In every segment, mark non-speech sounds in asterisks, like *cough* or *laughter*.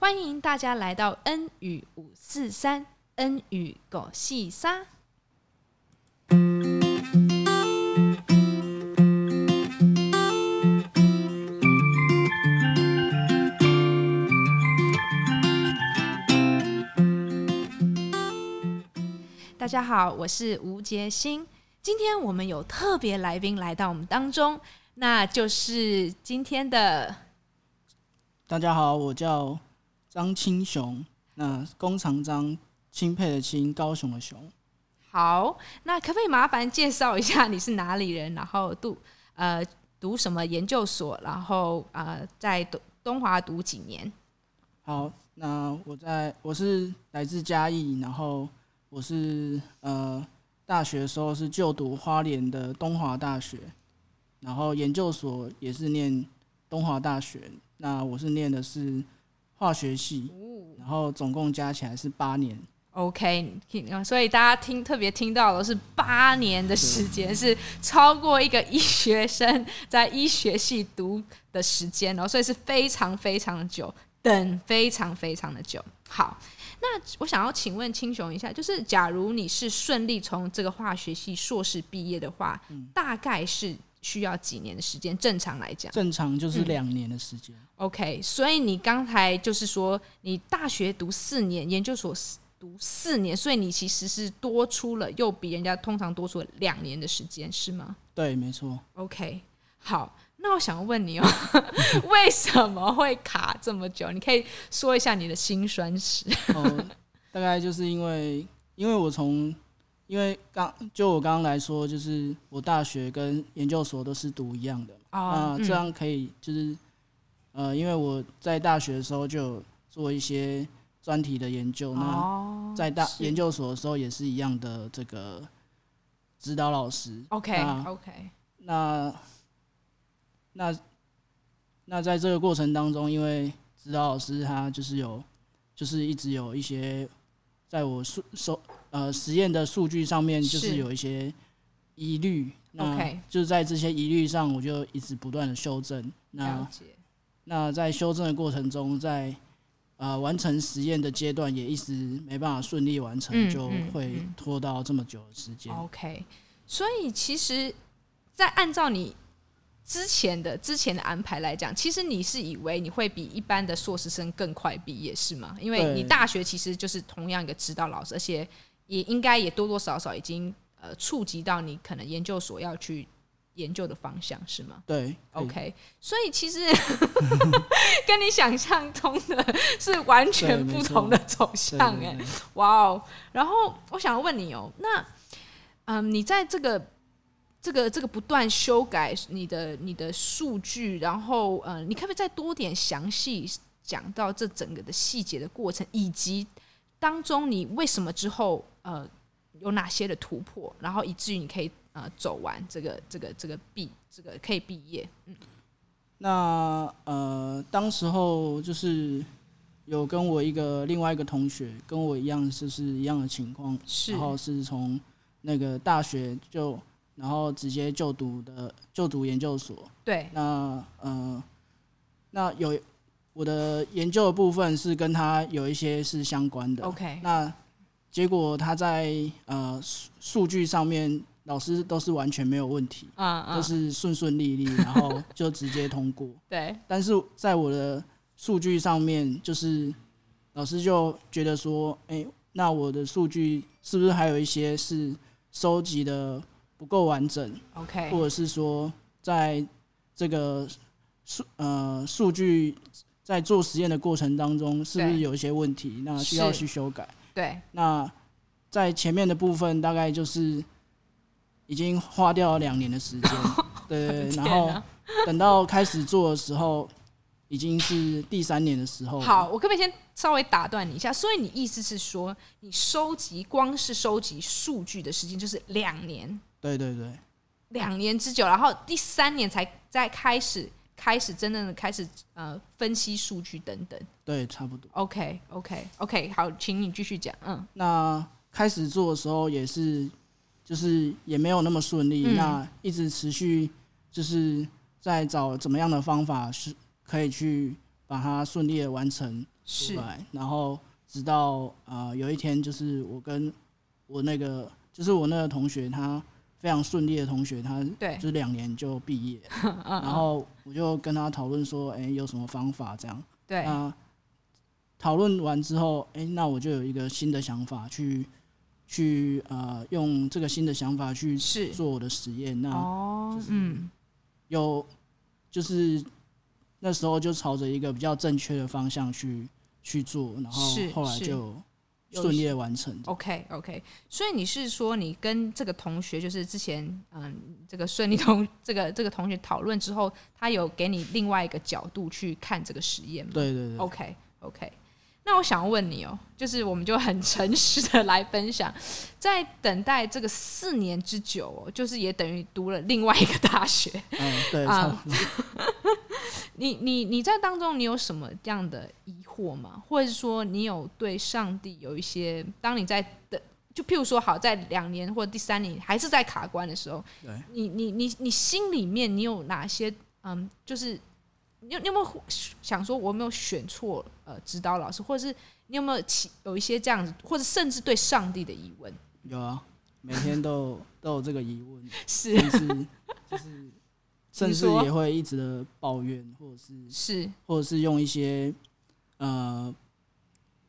歡迎大家來到 N 與五四三，N 與狗細沙。大家好，我是吳杰欣，今天我們有特別來賓來到我們當中，那就是今天的。大家好，我叫。張清雄，那工長張欽配的欽，高雄的雄。好，那可不可以麻煩介紹一下你是哪裡人？然後讀呃讀什麼研究所？然後啊、呃、在東東華讀幾年？好，那我在我是來自嘉義，然後我是呃大學的時候是就讀花蓮的東華大學，然後研究所也是念東華大學。那我是念的是。化學系，然後總共加起來是八年。OK，所以大家聽特別聽到的是八年的時間，對是超過一個醫學生在醫學系讀的時間哦，所以是非常非常久，等非常非常的久。好，那我想要請問欽雄一下，就是假如你是順利從這個化學系碩士畢業的話，嗯、大概是？需要幾年的時間？正常來講，正常就是兩年的時間。嗯。OK，所以你剛才就是說，你大學讀四年，研究所讀四年，所以你其實是多出了，又比人家通常多出了兩年的時間，是嗎？對，沒錯。OK，好，那我想問你哦、喔，為什麼會卡這麼久？你可以說一下你的辛酸史。哦，大概就是因為，因為我從。因為剛就我剛剛來說，就是我大學跟研究所都是讀一樣的嘛，啊，oh, 這樣可以就是，嗯、呃，因為我在大學的時候就做一些專題的研究，oh, 那在大研究所的時候也是一樣的這個指導老師，OK 那 OK，那那那在這個過程當中，因為指導老師他就是有就是一直有一些在我手手。呃，實驗的數據上面就是有一些疑慮，OK，就是在這些疑慮上，我就一直不斷的修正。了解。那那在修正的過程中，在呃完成實驗的階段也一直沒辦法順利完成，嗯嗯嗯、就會拖到這麼久的時間。OK，所以其實，在按照你之前的之前的安排來講，其實你是以為你會比一般的碩士生更快畢業，是嗎？因為你大學其實就是同樣一個指導老師，而且。也應該也多多少少已經呃觸及到你可能研究所要去研究的方向是嗎？對，OK，所以其實 *laughs* *laughs* 跟你想象中的是完全不同的走向哎，哇哦、wow！然後我想要問你哦、喔，那嗯，你在這個這個這個不斷修改你的你的數據，然後嗯，你可不可以再多點詳細講到這整個的細節的過程，以及當中你為什麼之後？呃，有哪些的突破，然後以至於你可以呃走完這個這個這個畢這個可以畢業。嗯，那呃，當時候就是有跟我一個另外一個同學跟我一樣，就是，是一樣的情況，是然後是從那個大學就然後直接就讀的，就讀研究所。對，那呃，那有我的研究的部分是跟他有一些是相關的。OK，那。結果他在呃數數據上面，老師都是完全沒有問題，啊，都、嗯嗯、是順順利利， *laughs* 然後就直接通過。對，但是在我的數據上面，就是老師就覺得說，哎、欸，那我的數據是不是還有一些是收集的不夠完整？OK，或者是說，在這個數呃數據在做實驗的過程當中，是不是對有一些問題？那需要去修改。對，那在前面的部分大概就是已經花掉了兩年的時間， *laughs* 對，然後等到開始做的時候已經是第三年的時候。好，我可不可以先稍微打斷你一下？所以你意思是說，你收集光是收集數據的時間就是兩年？對對對，兩年之久，然後第三年才再開始。開始真正的開始呃分析數據等等，對，差不多。OK OK OK，好，請你繼續講。嗯，那開始做的時候也是，就是也沒有那麼順利，嗯、那一直持續就是在找怎麼樣的方法是可以去把它順利的完成是，然後直到、呃、有一天就是我跟我那個就是我那個同學他。非常順利的同學，他就是兩年就畢業。對 然後我就跟他討論說：“哎、欸，有什麼方法這樣？”對啊，討論完之後，哎、欸，那我就有一個新的想法去，去去啊、呃、用這個新的想法去做我的實驗。是 那哦，是，有就是那時候就朝着一個比較正確的方向去去做，然後後來就。是是順利完成。OK OK，所以你是說你跟這個同學，就是之前嗯這個順利同、嗯、這個這個同學討論之後，他有給你另外一個角度去看這個實驗嗎？對對對。OK OK，那我想要問你哦、喔，就是我們就很誠實的來分享，在等待這個四年之久、喔，哦，就是也等於讀了另外一個大學。嗯，對啊。嗯 *laughs* 你你你在當中，你有什麼這樣的疑惑嗎？或者是說，你有對上帝有一些？當你在等，就譬如說，好，在兩年或第三年還是在卡關的時候，對你你你你心裡面你有哪些？嗯，就是你你有沒有想說，我有沒有選錯呃指導老師，或者是你有沒有其有一些這樣子，或者甚至對上帝的疑問？有啊，每天都有 *laughs* 都有這個疑問，是、是，就是。甚至也會一直的抱怨，說或者是是，或者是用一些呃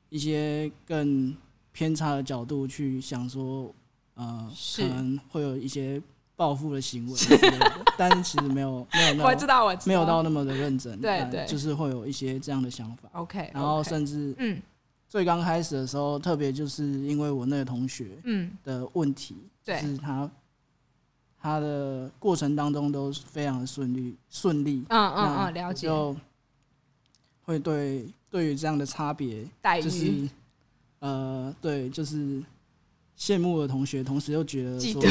一些更偏差的角度去想說，呃，是可能會有一些報復的行為的，是的 *laughs* 但是其實沒有沒有那麼我知道，知道沒有到那麼的認真，對，對就是會有一些這樣的想法。OK，然後甚至嗯，最剛開始的時候，嗯、特別就是因為我那個同學嗯的問題，嗯、對就是他。他的過程當中都非常的順利，順利。嗯嗯嗯，了解。就會對對於這樣的差別就是呃，對，就是羨慕的同學，同時又覺得說，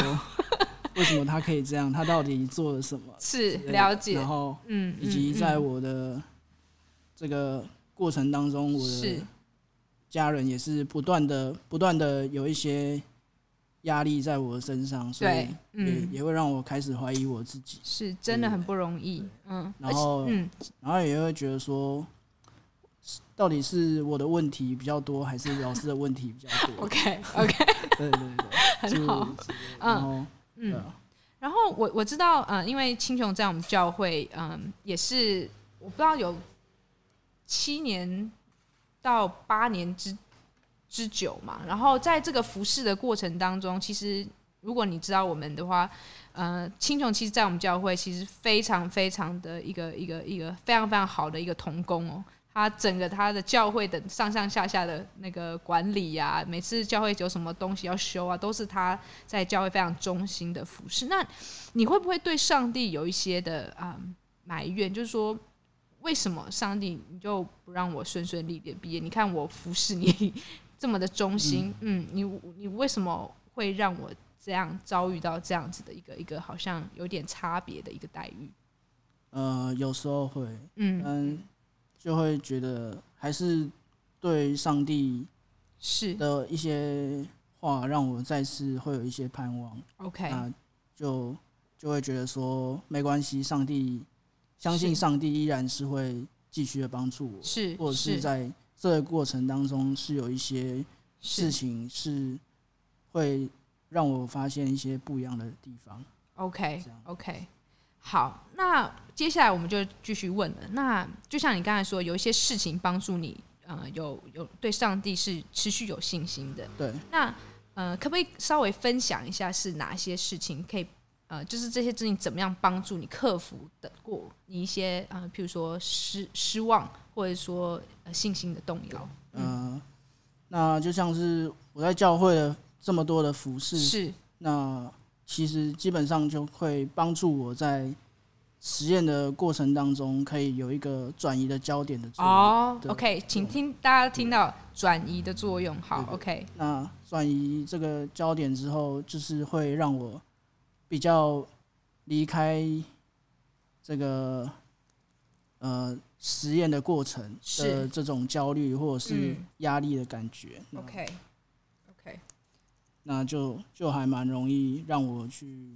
為什麼他可以這樣？他到底做了什麼？是了解。然後，嗯，以及在我的這個過程當中，我的家人也是不斷的、不斷的有一些。壓力在我的身上，所以也也會讓我開始懷疑我自己。嗯、對是真的很不容易，嗯。然後，嗯、然後也會覺得說，到底是我的問題比較多，還是老師的問題比較多？OK，OK。 *laughs* okay, okay, *laughs* 對，對對對， *laughs* 是很好。嗯嗯。然後我我知道，嗯，因為欽雄在我們教會，嗯，也是我不知道有七年到八年之之久嘛，然後在這個服侍的過程當中，其實如果你知道我們的話，呃，欽雄其實，在我們教會其實非常非常的一個一個一個，一個非常非常好的一個同工哦，他整個他的教會的上上下下的那個管理呀、啊，每次教會有什麼東西要修啊，都是他在教會非常忠心的服侍。那你會不會對上帝有一些的啊埋怨，就是說為什麼上帝你就不讓我順順利利畢業？你看我服侍你。這麼的忠心，嗯，嗯，你你為什麼會讓我這樣遭遇到這樣子的一個一個好像有點差別的一個待遇？呃，有時候會，嗯，就會覺得還是對上帝是的一些話讓我再次會有一些盼望。OK，是那就就會覺得說，沒關係，上帝，相信上帝依然是會繼續的幫助我，是或者是在。這個過程當中是有一些事情是會讓我發現一些不一樣的地方。OK OK，好，那接下來我們就繼續問了。那就像你剛才說，有一些事情幫助你，呃，有有對上帝是持續有信心的。對。那呃，可不可以稍微分享一下是哪些事情可以呃，就是這些事情怎麼樣幫助你克服的過你一些啊、呃，譬如說失失望，或者說、呃、信心的動搖，對嗯、呃，那就像是我在教會的這麼多的服侍是那其實基本上就會幫助我在實驗的過程當中，可以有一個轉移的焦點的作用。哦，OK，請聽大家聽到轉移的作用，好對對對，OK。那轉移這個焦點之後，就是會讓我比較離開這個呃。實驗的過程的這種焦慮或者是壓力的感覺。OK，OK，嗯，那那就，就還蠻容易讓我去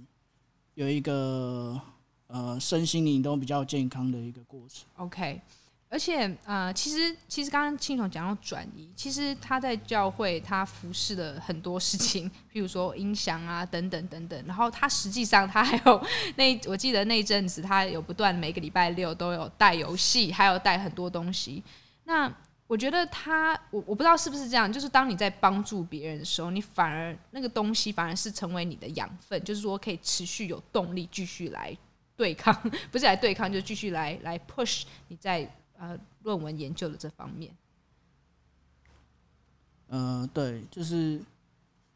有一個呃身心靈都比較健康的一個過程。OK。而且，啊、呃，其實，其實剛剛欽雄講到轉移，其實他在教會他服侍了很多事情，譬如說音響啊，等等等等。然後他實際上他還有那，我記得那一陣子他有不斷每個禮拜六都有帶遊戲，還有帶很多東西。那我覺得他，我我不知道是不是這樣，就是當你在幫助別人的時候，你反而那個東西反而是成為你的養分，就是說可以持續有動力繼續來對抗，不是來對抗，就是繼續來來 push 你在。呃，論文研究的這方面，嗯、呃，對，就是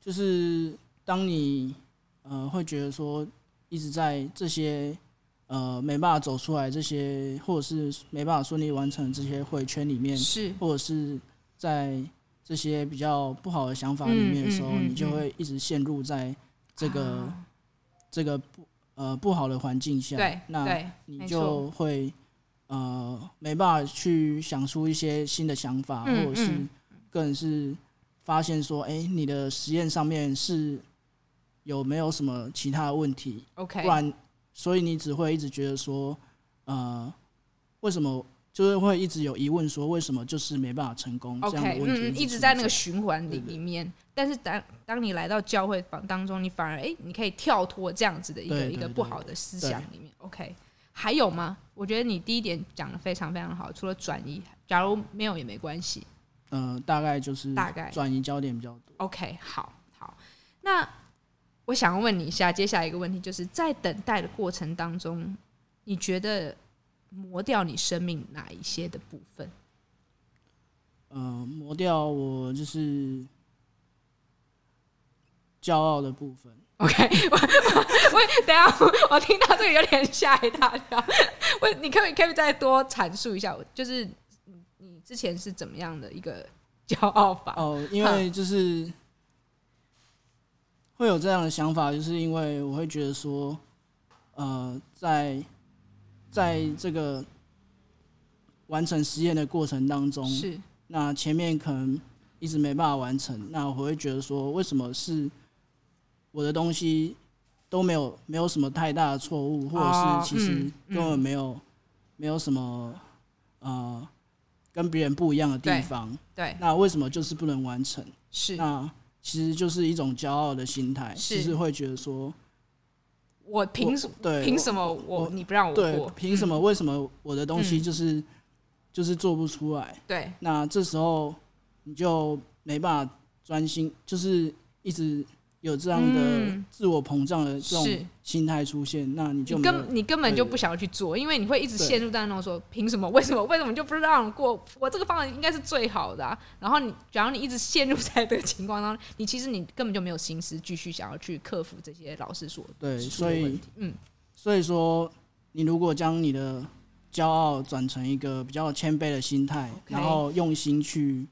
就是，當你呃會覺得說一直在這些呃沒辦法走出來，這些或者是沒辦法順利完成這些迴圈裡面，是或者是在這些比較不好的想法裡面的時候，嗯嗯嗯嗯、你就會一直陷入在這個、啊、這個不呃不好的環境下，對，對那你就會。呃，沒辦法去想出一些新的想法，嗯嗯，或者是更是發現說，哎、欸，你的實驗上面是有沒有什麼其他的問題？OK，不然，所以你只會一直覺得說，呃，為什麼就是會一直有疑問，說為什麼就是沒辦法成功？OK，這樣的問題，嗯，一直在那個循環裡面。對對對，但是當當你來到教會當中，你反而哎、欸，你可以跳脫這樣子的一個對對對對，一個不好的思想裡面。對 OK。還有嗎？我覺得你第一點講的非常非常好，除了轉移，假如沒有也沒關係。嗯、呃，大概就是大概轉移焦點比較多。OK，好，好。那我想要問你一下，接下來一個問題，就是在等待的過程當中，你覺得磨掉你生命哪一些的部分？呃，磨掉我就是驕傲的部分。OK，我我，我等一下我聽到這個有點嚇一大跳。我你可不可以可以再多闡述一下我，就是你之前是怎麼樣的一個驕傲法？哦，因為就是會有這樣的想法，就是因為我會覺得說，呃，在在這個完成實驗的過程當中，是那前面可能一直沒辦法完成，那我會覺得說，為什麼是？我的東西都沒有沒有什麼太大的錯誤，或者是其實根本沒有沒有什麼呃跟別人不一樣的地方。對，對，那為什麼就是不能完成？是，那其實就是一種驕傲的心態，是，其實會覺得說我憑什麼？憑什麼我，我，我你不讓我做？憑什麼？為什麼我的東西就是，嗯，就是做不出來？對，那這時候你就沒辦法專心，就是一直。有這樣的自我膨脹的這種心態出現，嗯、那你就根你，你根本就不想要去做，對因為你會一直陷入在那種說對憑什麼？為什麼？為什麼就不讓我過？我這個方案應該是最好的啊。然後你，假如，你一直陷入在這個情況當中，你其實你根本就沒有心思繼續想要去克服這些，老師說對，所以嗯，所以說你如果將你的驕傲轉成一個比較謙卑的心態，okay, 然後用心去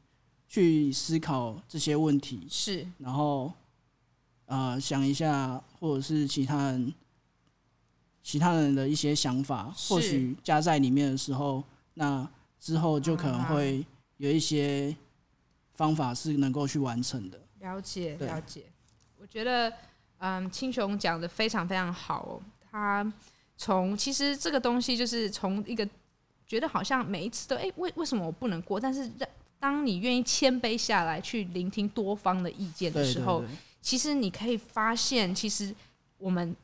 去思考這些問題，是然後。呃，想一下，或者是其他人其他人的一些想法，是或許加在裡面的時候，那之後就可能會有一些方法是能夠去完成的。了解、嗯，對了解。我覺得，嗯，欽雄講的非常非常好、哦。他從其實這個東西就是從一個覺得好像每一次都哎、欸，為為什麼我不能過？但是，當你願意謙卑下來去聆聽多方的意見的時候。對對對。其實你可以發現，其實我們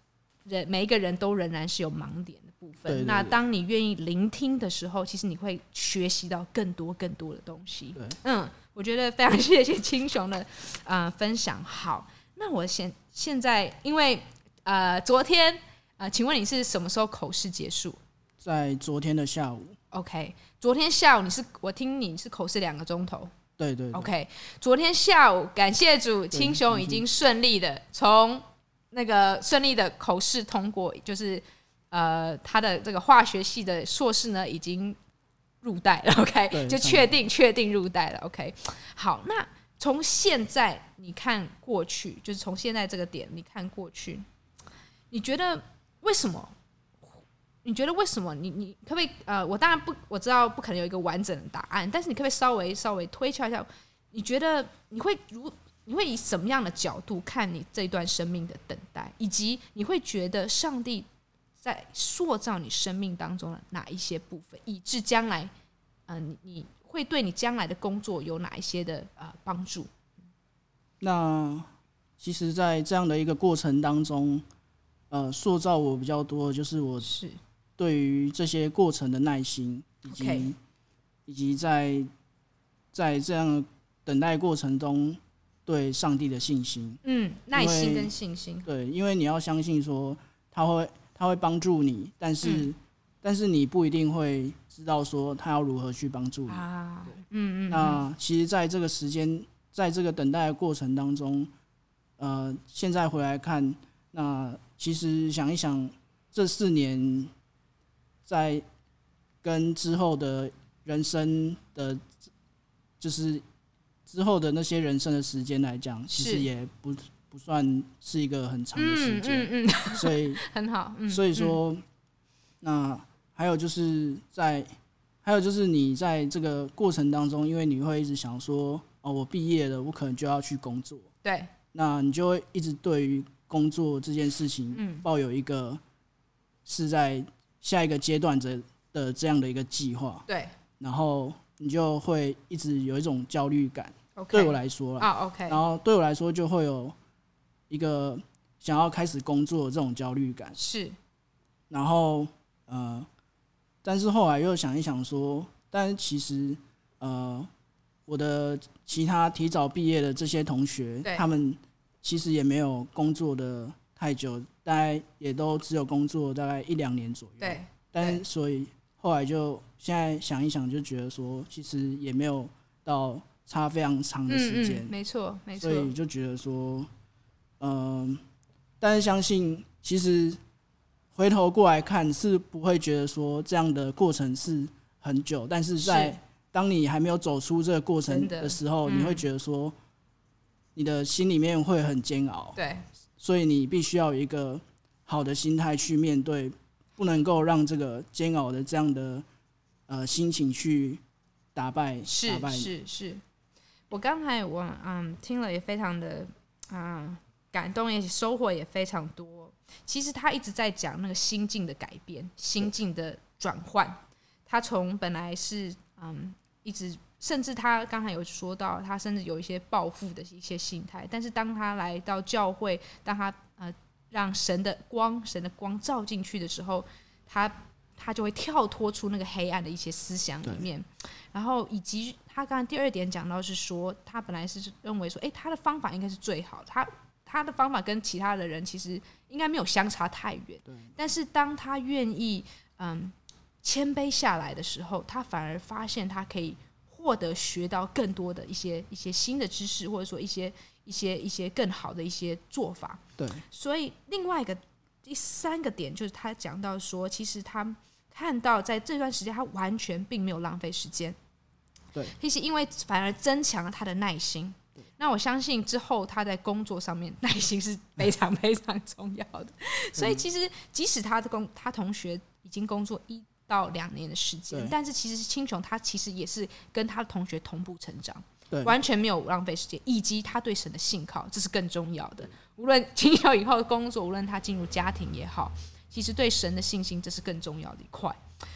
人每一個人都仍然是有盲點的部分。對那當你願意聆聽的時候，其實你會學習到更多更多的東西。對嗯，我覺得非常謝謝欽雄的、呃、分享。好，那我現現在因為呃昨天呃，請問你是什麼時候口試結束？在昨天的下午。OK，昨天下午你是我聽你是口試兩個鐘頭。對對，對，OK。昨天下午，感謝主，欽雄已經順利的從那個順利的口試通過，就是呃，他的這個化學系的碩士呢，已經入袋了，OK，就確定確定入袋了，OK。好，那從現在你看過去，就是從現在這個點你看過去，你覺得為什麼？你覺得為什麼你？你你可不可以呃？我當然不，我知道不可能有一個完整的答案，但是你可不可以稍微稍微推敲一下？你覺得你會如你會以什麼樣的角度看你這段生命的等待，以及你會覺得上帝在塑造你生命當中的哪一些部分，以致將來，嗯、呃，你你會對你將來的工作有哪一些的呃幫助？那其實，在這樣的一個過程當中，呃，塑造我比較多就是我是。對於這些過程的耐心，以及 Okay 以及在在這樣的等待過程中對上帝的信心，嗯，耐心跟信心，對，因為你要相信說他會他會幫助你，但是、嗯、但是你不一定會知道說他要如何去幫助你啊，對嗯，嗯嗯，那其實，在這個時間，在這個等待的過程當中，呃，現在回來看，那其實想一想這四年。在跟之後的人生的，就是之後的那些人生的時間來講，其實也不不算是一個很長的時間，所以很好。所以說，那還有就是在還有就是你在這個過程當中，因為你會一直想說哦，我畢業了，我可能就要去工作。對，那你就會一直對於工作這件事情，抱有一個是在。下一個階段這的這樣的一個計劃，對，然後你就會一直有一種焦慮感。對我來說啊，OK，然後對我來說就會有一個想要開始工作的這種焦慮感。是，然後呃，但是後來又想一想說，但其實呃，我的其他提早畢業的這些同學，他們其實也沒有工作的太久。大概也都只有工作大概一兩年左右，對，對，但是所以後來就現在想一想，就覺得說其實也沒有到差非常長的時間，嗯嗯，沒錯，沒錯，所以就覺得說，嗯、呃，但是相信其實回頭過來看是不會覺得說這樣的過程是很久，但是在當你還沒有走出這個過程的時候，嗯、你會覺得說你的心裡面會很煎熬，對。所以你必須要有一個好的心態去面對，不能夠讓這個煎熬的這樣的呃心情去打敗。打敗。是是是，我剛才我嗯聽了也非常的啊、嗯、感動也，也收穫也非常多。其實他一直在講那個心境的改變、心境的轉換，他從、嗯、本來是嗯一直。甚至他剛才有說到，他甚至有一些報復的一些心態。但是當他來到教會，當他呃讓神的光、神的光照進去的時候，他他就會跳脫出那個黑暗的一些思想裡面。對然後以及他剛才第二點講到是說，他本來是認為說，誒、哎，他的方法應該是最好。他他的方法跟其他的人其實應該沒有相差太遠。對但是當他願意嗯謙卑下來的時候，他反而發現他可以。獲得學到更多的一些一些新的知識，或者說一些一些一些更好的一些做法。對，所以另外一個第三個點就是他講到說，其實他看到在這段時間他完全並沒有浪費時間。對，其實因為反而增強了他的耐心。對那我相信之後他在工作上面耐心是非常非常重要的。 *laughs* 所以其實即使他的工他同學已經工作一。到兩年的時間，對但是其實欽雄他其實也是跟他的同學同步成長，對完全沒有浪費時間，以及他對神的信靠，這是更重要的。無論欽雄以後的工作，無論他進入家庭也好，其實對神的信心這是更重要的一塊。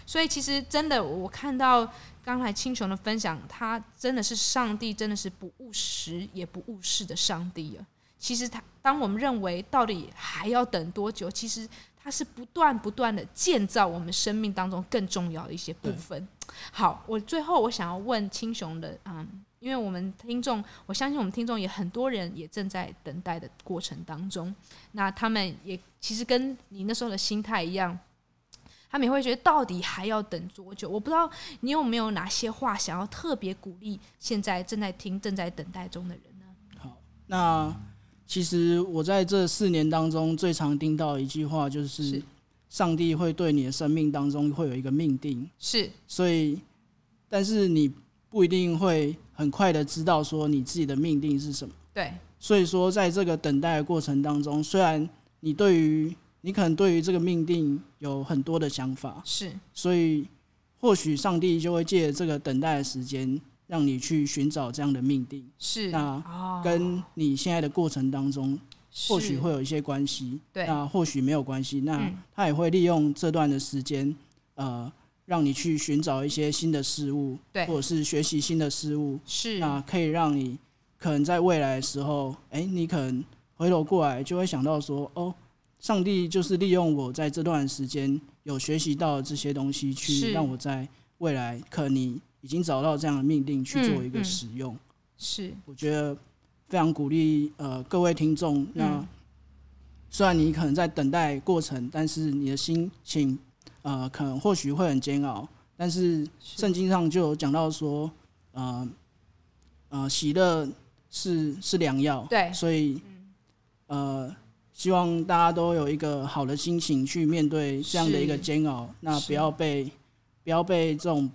所以其實真的，我看到剛才欽雄的分享，他真的是上帝，真的是不誤事也不誤時的上帝啊！其實他，當我們認為到底還要等多久，其實。它是不斷不斷的建造我們生命當中更重要的一些部分。好，我最後我想要問欽雄的啊、嗯，因為我們聽眾，我相信我們聽眾也很多人也正在等待的過程當中。那他們也其實跟你那時候的心態一樣，他們也會覺得到底還要等多久？我不知道你有沒有哪些話想要特別鼓勵現在正在聽、正在等待中的人呢？好，那。其實我在這四年當中最常聽到一句話，就是上帝會對你的生命當中會有一個命定，是。所以，但是你不一定會很快的知道說你自己的命定是什麼。對。所以說，在這個等待的過程當中，雖然你對於你可能對於這個命定有很多的想法，是。所以，或許上帝就會借着這個等待的時間。讓你去尋找這樣的命定，是。那跟你現在的過程當中，是或許會有一些關係，對那或許沒有關係。那他也會利用這段的時間，嗯、呃，讓你去尋找一些新的事物，對或者是學習新的事物，是。那可以讓你可能在未來的時候，哎、欸，你可能回頭過來就會想到說，哦，上帝就是利用我在這段時間有學習到這些東西，去讓我在未來可你。已經找到這樣的命令去做一個使用，是我覺得非常鼓勵。呃，各位聽眾，那雖然你可能在等待過程，但是你的心情呃，可能或許會很煎熬。但是聖經上就有講到說，呃呃，喜樂是是良藥。對，所以呃，希望大家都有一個好的心情去面對這樣的一個煎熬，那不要被不要被這種。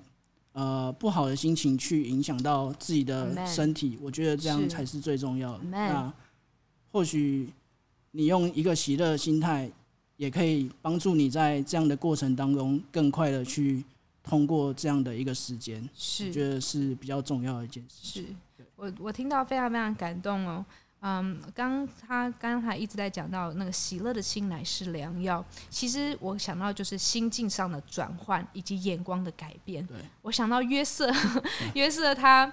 呃，不好的心情去影響到自己的身體，Amen 我覺得這樣才是最重要的。Amen。那或許你用一個喜樂心態，也可以幫助你在這樣的過程當中更快的去通過這樣的一個時間，是，我覺得是比較重要的一件事情。是，我我聽到非常非常感動哦。嗯、um，剛、剛他剛才一直在講到那個喜樂的心乃是良藥，其實我想到就是心境上的轉換以及眼光的改變。對，我想到約瑟，約瑟他。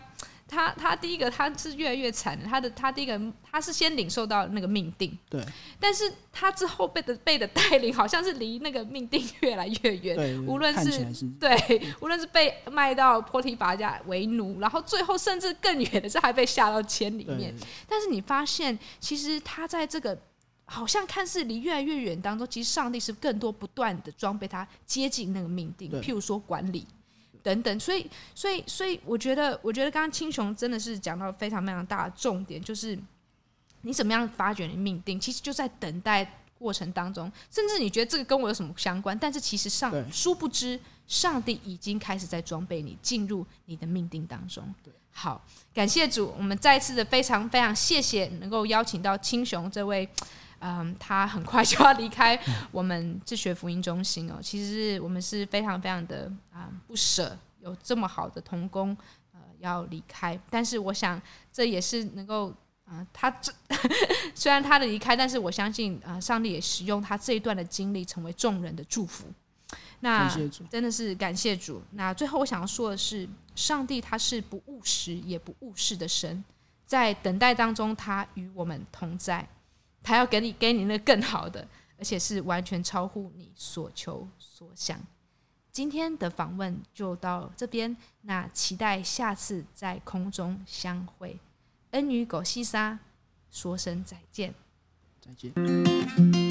他他第一個，他是越來越慘，他的他第一個他是先領受到那個命定，對。但是他之後被的被的帶領，好像是離那個命定越來越遠。對，對，無論是對，無論是被賣到波提拔家為奴，然後最後甚至更遠的是還被下到千裡面。對對對，但是你發現，其實他在這個好像看似離越來越遠當中，其實上帝是更多不斷的裝備他接近那個命定，對譬如說管理。等等，所以，所以，所以，我覺得，我覺得，剛剛欽雄真的是講到非常非常大的重點，就是你怎麼樣發掘你命定，其實就在等待過程當中，甚至你覺得這個跟我有什麼相關，但是其實上，對殊不知上帝已經開始在裝備你，進入你的命定當中。對，好，感謝主，我們再一次的非常非常謝謝，能夠邀請到欽雄這位。嗯，他很快就要離開我們自學福音中心哦。其實我們是非常非常的、嗯、不捨，有這麼好的同工呃要離開。但是我想這也是能夠啊、呃，他這雖然他的離開，但是我相信啊、呃，上帝也使用他這一段的經歷成為眾人的祝福。那真的是感謝主。那最後我想要說的是，上帝他是不誤時也不誤事的神，在等待當中，他與我們同在。他要給你，給你那更好的，而且是完全超乎你所求所想。今天的訪問就到這邊，那期待下次在空中相會。恩與狗西沙說聲再見，再見。